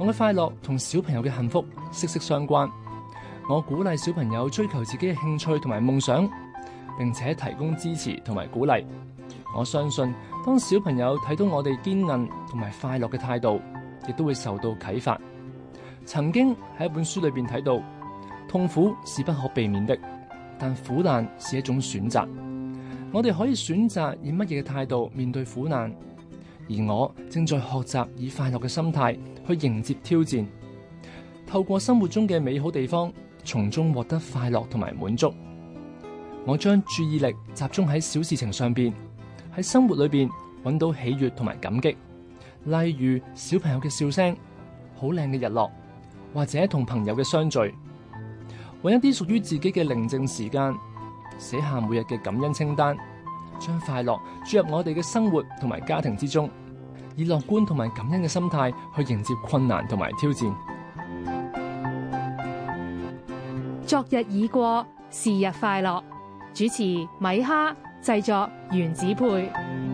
我嘅快樂同小朋友嘅幸福息息相關。我鼓勵小朋友追求自己嘅興趣同埋夢想，並且提供支持同埋鼓勵。我相信，當小朋友睇到我哋堅韌同埋快樂嘅態度，亦都會受到啟發。曾經喺一本書裏邊睇到，痛苦是不可避免的，但苦難是一種選擇。我哋可以選擇以乜嘢嘅態度面對苦難。而我正在學習以快樂嘅心態去迎接挑戰，透過生活中嘅美好地方，從中獲得快樂同埋滿足。我將注意力集中喺小事情上邊，喺生活裏邊揾到喜悅同埋感激，例如小朋友嘅笑聲、好靚嘅日落，或者同朋友嘅相聚。揾一啲屬於自己嘅寧靜時間，寫下每日嘅感恩清單，將快樂注入我哋嘅生活同埋家庭之中。以樂觀同埋感恩嘅心態去迎接困難同埋挑戰。昨日已過，是日快樂。主持米哈，製作原子配。